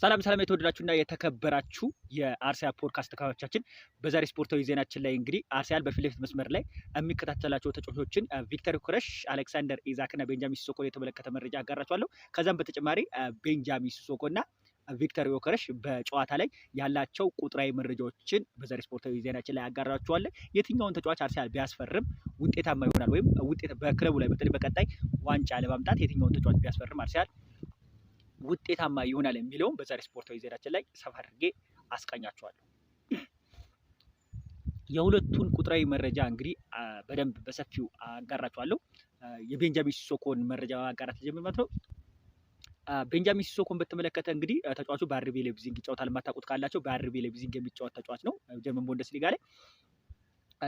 ሰላም ሰላም የተወደዳችሁና የተከበራችሁ የአርሰናል ፖድካስት ተከታዮቻችን፣ በዛሬ ስፖርታዊ ዜናችን ላይ እንግዲህ አርሰናል በፊት ለፊት መስመር ላይ የሚከታተላቸው ተጫዋቾችን ቪክተር ኩረሽ፣ አሌክሳንደር ኢዛክና ቤንጃሚን ሲሶኮ የተመለከተ መረጃ አጋራችኋለሁ። ከዛም በተጨማሪ ቤንጃሚን ሲሶኮና ቪክተር ዮከረሽ በጨዋታ ላይ ያላቸው ቁጥራዊ መረጃዎችን በዛሬ ስፖርታዊ ዜናችን ላይ አጋራችኋለን። የትኛውን ተጫዋች አርሰናል ቢያስፈርም ውጤታማ ይሆናል ወይም በክለቡ ላይ በተለይ በቀጣይ ዋንጫ ለማምጣት የትኛውን ተጫዋች ቢያስፈርም አርሰናል ውጤታማ ይሆናል የሚለውም በዛሬ ስፖርታዊ ዜናችን ላይ ሰፋ አድርጌ አስቃኛችኋለሁ። የሁለቱን ቁጥራዊ መረጃ እንግዲህ በደንብ በሰፊው አጋራቸዋለሁ። የቤንጃሚን ሲሶኮን መረጃ አጋራት ጀምር ማለት ነው። ቤንጃሚን ሲሶኮን በተመለከተ እንግዲህ ተጫዋቹ በአርቤ ሌቪዚንግ ይጫወታል። የማታውቁት ካላቸው በአርቢ ሌቪዚንግ የሚጫወት ተጫዋች ነው። ጀርመን ቡንደስሊጋ ላይ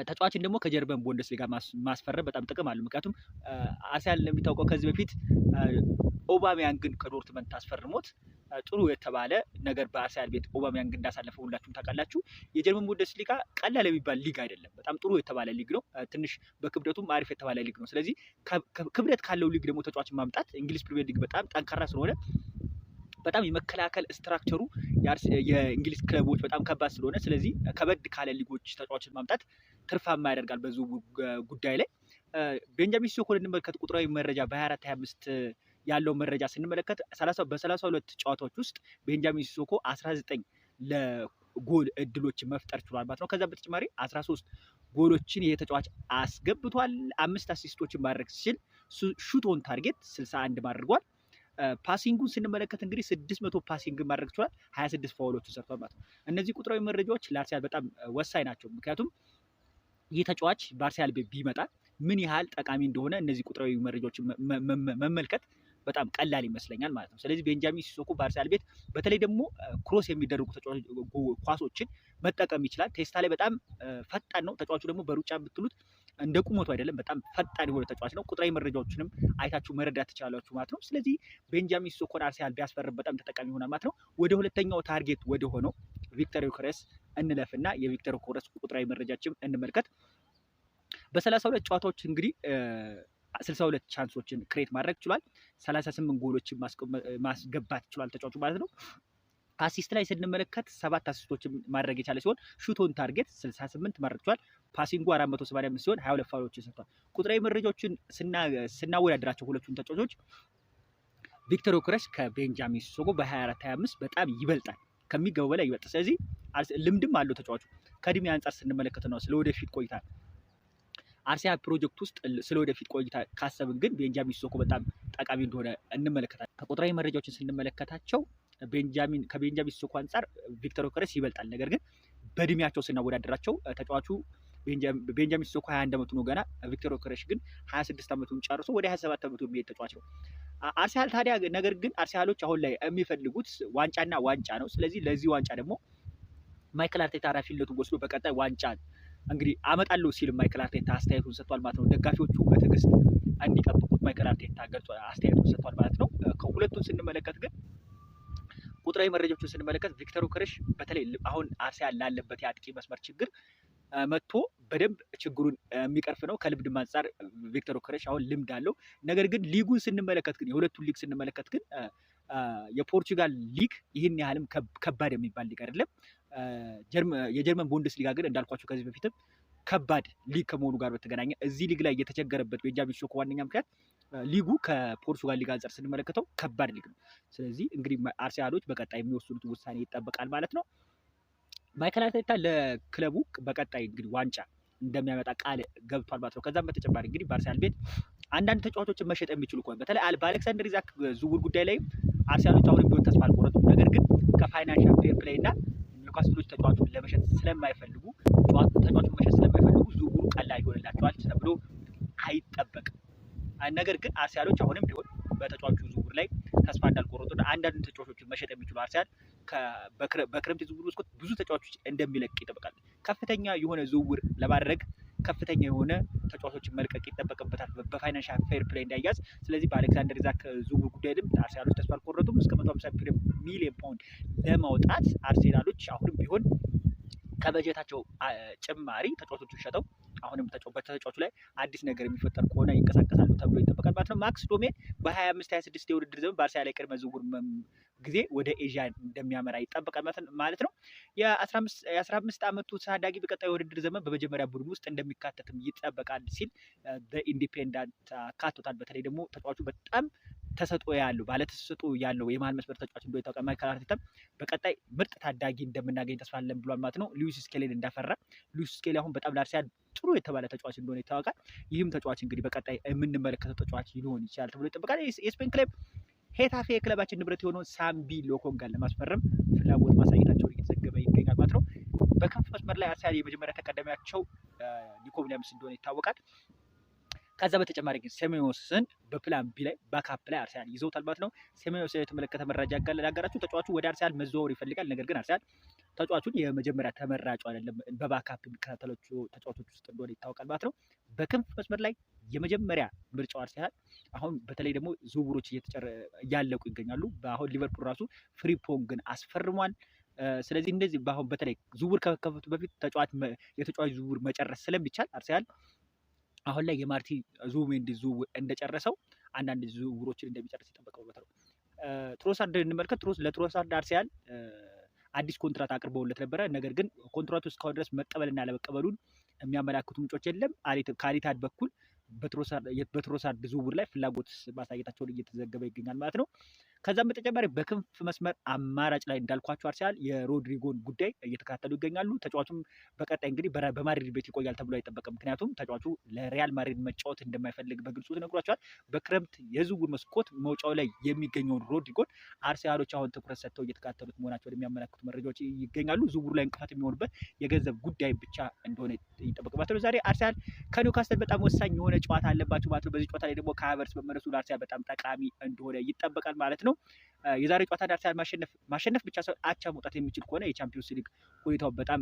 ተጫዋችን ደግሞ ከጀርመን ቦንደስ ሊጋ ማስፈረም በጣም ጥቅም አለው። ምክንያቱም አርሰናል እንደሚታወቀው ከዚህ በፊት ኦባሚያንግን ከዶርትመንድ ታስፈርሞት ጥሩ የተባለ ነገር በአርሰናል ቤት ግን እንዳሳለፈ ሁላችሁም ታውቃላችሁ። የጀርመን ቡደስ ሊጋ ቀላል የሚባል ሊግ አይደለም። በጣም ጥሩ የተባለ ሊግ ነው። ትንሽ በክብደቱም አሪፍ የተባለ ሊግ ነው። ስለዚህ ክብደት ካለው ሊግ ደግሞ ተጫዋችን ማምጣት እንግሊዝ ፕሪሚየር ሊግ በጣም ጠንካራ ስለሆነ በጣም የመከላከል ስትራክቸሩ የእንግሊዝ ክለቦች በጣም ከባድ ስለሆነ ስለዚህ ከበድ ካለ ሊጎች ተጫዋችን ማምጣት ትርፋማ ያደርጋል። በዚሁ ጉዳይ ላይ ቤንጃሚን ሲስኮን እንመልከት። ቁጥራዊ መረጃ በ24 25 ያለው መረጃ ስንመለከት በ32 ጨዋታዎች ውስጥ ቤንጃሚን ሲስኮ 19 ለጎል እድሎችን መፍጠር ችሏል ማለት ነው። ከዛ በተጨማሪ 13 ጎሎችን ይህ ተጫዋች አስገብቷል። አምስት አሲስቶችን ማድረግ ሲችል ሹቶን ታርጌት 61 ማድርጓል። ፓሲንጉን ስንመለከት እንግዲህ 600 ፓሲንግ ማድረግ ችሏል። 26 ፋውሎችን ሰርቷል ማለት ነው። እነዚህ ቁጥራዊ መረጃዎች ለአርሰናል በጣም ወሳኝ ናቸው። ምክንያቱም ይህ ተጫዋች በአርሰናል ቤት ቢመጣ ምን ያህል ጠቃሚ እንደሆነ እነዚህ ቁጥራዊ መረጃዎችን መመልከት በጣም ቀላል ይመስለኛል ማለት ነው። ስለዚህ ቤንጃሚን ሲሶኮ በአርሰናል ቤት በተለይ ደግሞ ክሮስ የሚደረጉ ኳሶችን መጠቀም ይችላል። ቴስታ ላይ በጣም ፈጣን ነው ተጫዋቹ ደግሞ በሩጫ የምትሉት እንደ ቁመቱ አይደለም፣ በጣም ፈጣን የሆነ ተጫዋች ነው። ቁጥራዊ መረጃዎችንም አይታችሁ መረዳት ትችላላችሁ ማለት ነው። ስለዚህ ቤንጃሚን ሲሶኮን አርሰናል ቢያስፈርም በጣም ተጠቃሚ ይሆናል ማለት ነው። ወደ ሁለተኛው ታርጌት ወደ ሆነው ቪክተር ዩክሬስ እንለፍና የቪክተር ኮረስ ቁጥራዊ መረጃችን እንመልከት። በሰላሳ ሁለት ጨዋታዎች እንግዲህ 62 ቻንሶችን ክሬት ማድረግ ችሏል። 38 ጎሎችን ማስገባት ችሏል ተጫዋቹ ማለት ነው። አሲስት ላይ ስንመለከት ሰባት አሲስቶችን ማድረግ የቻለ ሲሆን ሹቶን ታርጌት 68 ማድረግ ችሏል። ፓሲንጉ 475 ሲሆን 22 ፋውሎችን ሰጥቷል። ቁጥራዊ መረጃዎችን ስናወዳድራቸው ሁለቱን ተጫዋቾች ቪክተር ዮከረስ ከቤንጃሚን ሲስኮ በ24 25 በጣም ይበልጣል። ከሚገባው በላይ ይበልጥ። ስለዚህ ልምድም አለው ተጫዋቹ። ከእድሜ አንጻር ስንመለከት ነው ስለወደፊት ቆይታ አርሲያ ፕሮጀክት ውስጥ ስለወደፊት ቆይታ ካሰብን ግን ቤንጃሚን ሲሶኮ በጣም ጠቃሚ እንደሆነ እንመለከታለን። ከቁጥራዊ መረጃዎችን ስንመለከታቸው ቤንጃሚን ከቤንጃሚን ሲሶኮ አንጻር ቪክተር ዮከረስ ይበልጣል። ነገር ግን በእድሜያቸው ስናወዳደራቸው ተጫዋቹ ቤንጃሚን ሲሶኮ 21 ዓመቱ ነው ገና። ቪክተር ዮከረስ ግን 26 ዓመቱን ጨርሶ ወደ 27 ዓመቱ የሚሄድ ተጫዋች ነው። አርሰናል ታዲያ ነገር ግን አርሰናሎች አሁን ላይ የሚፈልጉት ዋንጫና ዋንጫ ነው። ስለዚህ ለዚህ ዋንጫ ደግሞ ማይክል አርቴታ ኃላፊነቱን ወስዶ በቀጣይ ዋንጫ እንግዲህ አመጣለሁ ሲል ማይክል አርቴታ አስተያየቱን ሰጥቷል ማለት ነው። ደጋፊዎቹ በትዕግስት እንዲጠብቁት ማይክል አርቴታ ገልጿል፣ አስተያየቱን ሰጥቷል ማለት ነው። ከሁለቱን ስንመለከት ግን ቁጥራዊ መረጃዎችን ስንመለከት ቪክተር ዮከረስ በተለይ አሁን አርሰናል ላለበት የአጥቂ መስመር ችግር መጥቶ በደንብ ችግሩን የሚቀርፍ ነው። ከልምድም አንጻር ቪክተር ዮከረስ አሁን ልምድ አለው። ነገር ግን ሊጉን ስንመለከት ግን የሁለቱን ሊግ ስንመለከት ግን የፖርቹጋል ሊግ ይህን ያህልም ከባድ የሚባል ሊግ አይደለም። የጀርመን ቡንደስ ሊጋ ግን እንዳልኳቸው ከዚህ በፊትም ከባድ ሊግ ከመሆኑ ጋር በተገናኘ እዚህ ሊግ ላይ የተቸገረበት ቤንጃሚን ሼኮ ዋነኛ ምክንያት ሊጉ ከፖርቹጋል ሊግ አንጻር ስንመለከተው ከባድ ሊግ ነው። ስለዚህ እንግዲህ አርሴናሎች በቀጣይ የሚወስኑት ውሳኔ ይጠበቃል ማለት ነው። ማይከል አርቴታ ለክለቡ በቀጣይ እንግዲህ ዋንጫ እንደሚያመጣ ቃል ገብቷል ማለት ነው። ከዛም በተጨማሪ እንግዲህ በአርሰናል ቤት አንዳንድ ተጫዋቾችን መሸጥ የሚችሉ ከሆነ በተለይ በአሌክሳንደር ኢሳክ ዝውውር ጉዳይ ላይ አርሰናሎች አሁንም ቢሆን ተስፋ አልቆረጡም። ነገር ግን ከፋይናንሻል ፌር ፕሌይ እና ሎች ተጫዋቹን ለመሸጥ ስለማይፈልጉ ተጫዋቹን መሸጥ ስለማይፈልጉ ዝውውሩ ቀላል ይሆንላቸዋል ተብሎ አይጠበቅም። ነገር ግን አርሰናሎች አሁንም ቢሆን በተጫዋቹ ዝውውር ላይ ተስፋ እንዳልቆረጡ እንዳልቆረጡና አንዳንድ ተጫዋቾችን መሸጥ የሚችሉ አርሰናል በክረምት ዝውውር መስኮት ብዙ ተጫዋቾች እንደሚለቅ ይጠበቃል። ከፍተኛ የሆነ ዝውውር ለማድረግ ከፍተኛ የሆነ ተጫዋቾችን መልቀቅ ይጠበቅበታል፣ በፋይናንሻል ፌር ፕሌይ እንዳያዝ። ስለዚህ በአሌክሳንደር ዛክ ዝውውር ጉዳይ ልም አርሴናሎች ተስፋ አልቆረጡም። እስከ 150 ሚሊዮን ፓውንድ ለማውጣት አርሴናሎች አሁንም ቢሆን ከበጀታቸው ጭማሪ ተጫዋቾቹን ሸጠው አሁን አሁንም በተጫዋቹ ላይ አዲስ ነገር የሚፈጠር ከሆነ ይንቀሳቀሳሉ ተብሎ ይጠበቃል ማለት ነው። ማክስ ዶሜ በ25 26 የውድድር ዘመን ባርሳ ላይ ቅድመ ዝውውር ጊዜ ወደ ኤዥያ እንደሚያመራ ይጠበቃል ማለት ነው። የ15 ዓመቱ ታዳጊ በቀጣይ የውድድር ዘመን በመጀመሪያ ቡድን ውስጥ እንደሚካተትም ይጠበቃል ሲል በኢንዲፔንዳንት አካቶታል። በተለይ ደግሞ ተጫዋቹ በጣም ተሰጦ ያለው ባለ ተሰጥኦ ያለው የመሃል መስመር ተጫዋች እንደሆነ ይታወቃል። ማይከል አርቴታም በቀጣይ ምርጥ ታዳጊ እንደምናገኝ ተስፋ አለን ብሏል ማለት ነው። ሉዊስ ስኬሌን እንዳፈራ ሉዊስ ስኬሌ አሁን በጣም ለአርሰናል ጥሩ የተባለ ተጫዋች እንደሆነ ይታወቃል። ይህም ተጫዋች እንግዲህ በቀጣይ የምንመለከተው ተጫዋች ሊሆን ይችላል ተብሎ ይጠበቃል። የስፔን ክለብ ሄታፌ የክለባችን ንብረት የሆነው ሳምቢ ሎኮንጋን ለማስፈረም ፍላጎት ማሳየታቸውን እየተዘገበ ይገኛል ማለት ነው። በክንፍ መስመር ላይ አርሰናል የመጀመሪያ ተቀዳሚያቸው ኒኮ ዊሊያምስ እንደሆነ ይታወቃል። ከዛ በተጨማሪ ግን ሴሜዎስን በፕላን ቢ ላይ ባካፕ ላይ አርሰናል ይዘውታል ማለት ነው። ሴሜዎስን የተመለከተ መረጃ ያጋራችሁ ተጫዋቹ ወደ አርሰናል መዘዋወር ይፈልጋል። ነገር ግን አርሰናል ተጫዋቹን የመጀመሪያ ተመራጩ አይደለም በባካፕ የሚከታተላቸው ተጫዋቾች ውስጥ እንደሆነ ይታወቃል ማለት ነው። በክንፍ መስመር ላይ የመጀመሪያ ምርጫው አርሰናል አሁን በተለይ ደግሞ ዝውውሮች እያለቁ ይገኛሉ። በአሁን ሊቨርፑል ራሱ ፍሪፖንግን አስፈርሟል። ስለዚህ እንደዚህ በአሁን በተለይ ዝውውር ከከፈቱ በፊት ተጫዋች የተጫዋች ዝውውር መጨረስ ስለሚቻል አርሰናል አሁን ላይ የማርቲ ዙቢሜንዲ ዝውውር እንደጨረሰው አንዳንድ ዝውውሮችን እንደሚጨርስ ይጠበቀው ነው። ትሮሳርድ እንመልከት። ለትሮሳርድ አርሰናል አዲስ ኮንትራት አቅርበውለት ነበረ። ነገር ግን ኮንትራቱ እስካሁን ድረስ መቀበልና ለመቀበሉን የሚያመላክቱ ምንጮች የለም። ከአሊታድ በኩል በትሮሳርድ ዝውውር ላይ ፍላጎት ማሳየታቸውን እየተዘገበ ይገኛል ማለት ነው። ከዛም በተጨማሪ በክንፍ መስመር አማራጭ ላይ እንዳልኳቸው አርሰናል የሮድሪጎን ጉዳይ እየተከታተሉ ይገኛሉ። ተጫዋቹም በቀጣይ እንግዲህ በማድሪድ ቤት ይቆያል ተብሎ አይጠበቅም። ምክንያቱም ተጫዋቹ ለሪያል ማድሪድ መጫወት እንደማይፈልግ በግልጹ ተነግሯቸዋል። በክረምት የዝውውር መስኮት መውጫው ላይ የሚገኘውን ሮድሪጎን አርሰናሎች አሁን ትኩረት ሰጥተው እየተከታተሉት መሆናቸው የሚያመላክቱ መረጃዎች ይገኛሉ። ዝውውሩ ላይ እንቅፋት የሚሆኑበት የገንዘብ ጉዳይ ብቻ እንደሆነ ይጠበቅባቸው። ዛሬ አርሰናል ከኒውካስተል በጣም ወሳኝ የሆነ ጨዋታ አለባቸው ማለት ነው። በዚህ ጨዋታ ላይ ደግሞ ከሀቨርስ መመለሱ ለአርሰናል በጣም ጠቃሚ እንደሆነ ይጠበቃል ማለት ነው። የዛሬ ጨዋታ አርሰናል ማሸነፍ ማሸነፍ ብቻ ሰው አቻ መውጣት የሚችል ከሆነ የቻምፒዮንስ ሊግ ሁኔታው በጣም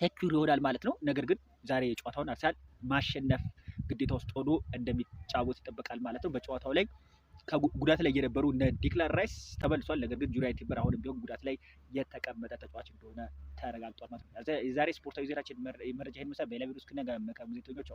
ሴኪር ይሆናል ማለት ነው። ነገር ግን ዛሬ የጨዋታውን አርሰናል ማሸነፍ ግዴታ ውስጥ ሆኖ እንደሚጫወት ይጠበቃል ማለት ነው። በጨዋታው ላይ ከጉዳት ላይ የነበሩ እነ ዲክላር ራይስ ተመልሷል። ነገር ግን ጁሪያን ቲምበር አሁንም ቢሆን ጉዳት ላይ የተቀመጠ ተጫዋች እንደሆነ ተረጋግጧል ማለት ነው። የዛሬ ስፖርታዊ ዜናችን መረጃ ይህን መሰል። በሌላ ቪዲዮ እስክንገናኝ መልካም ጊዜ ተኞች።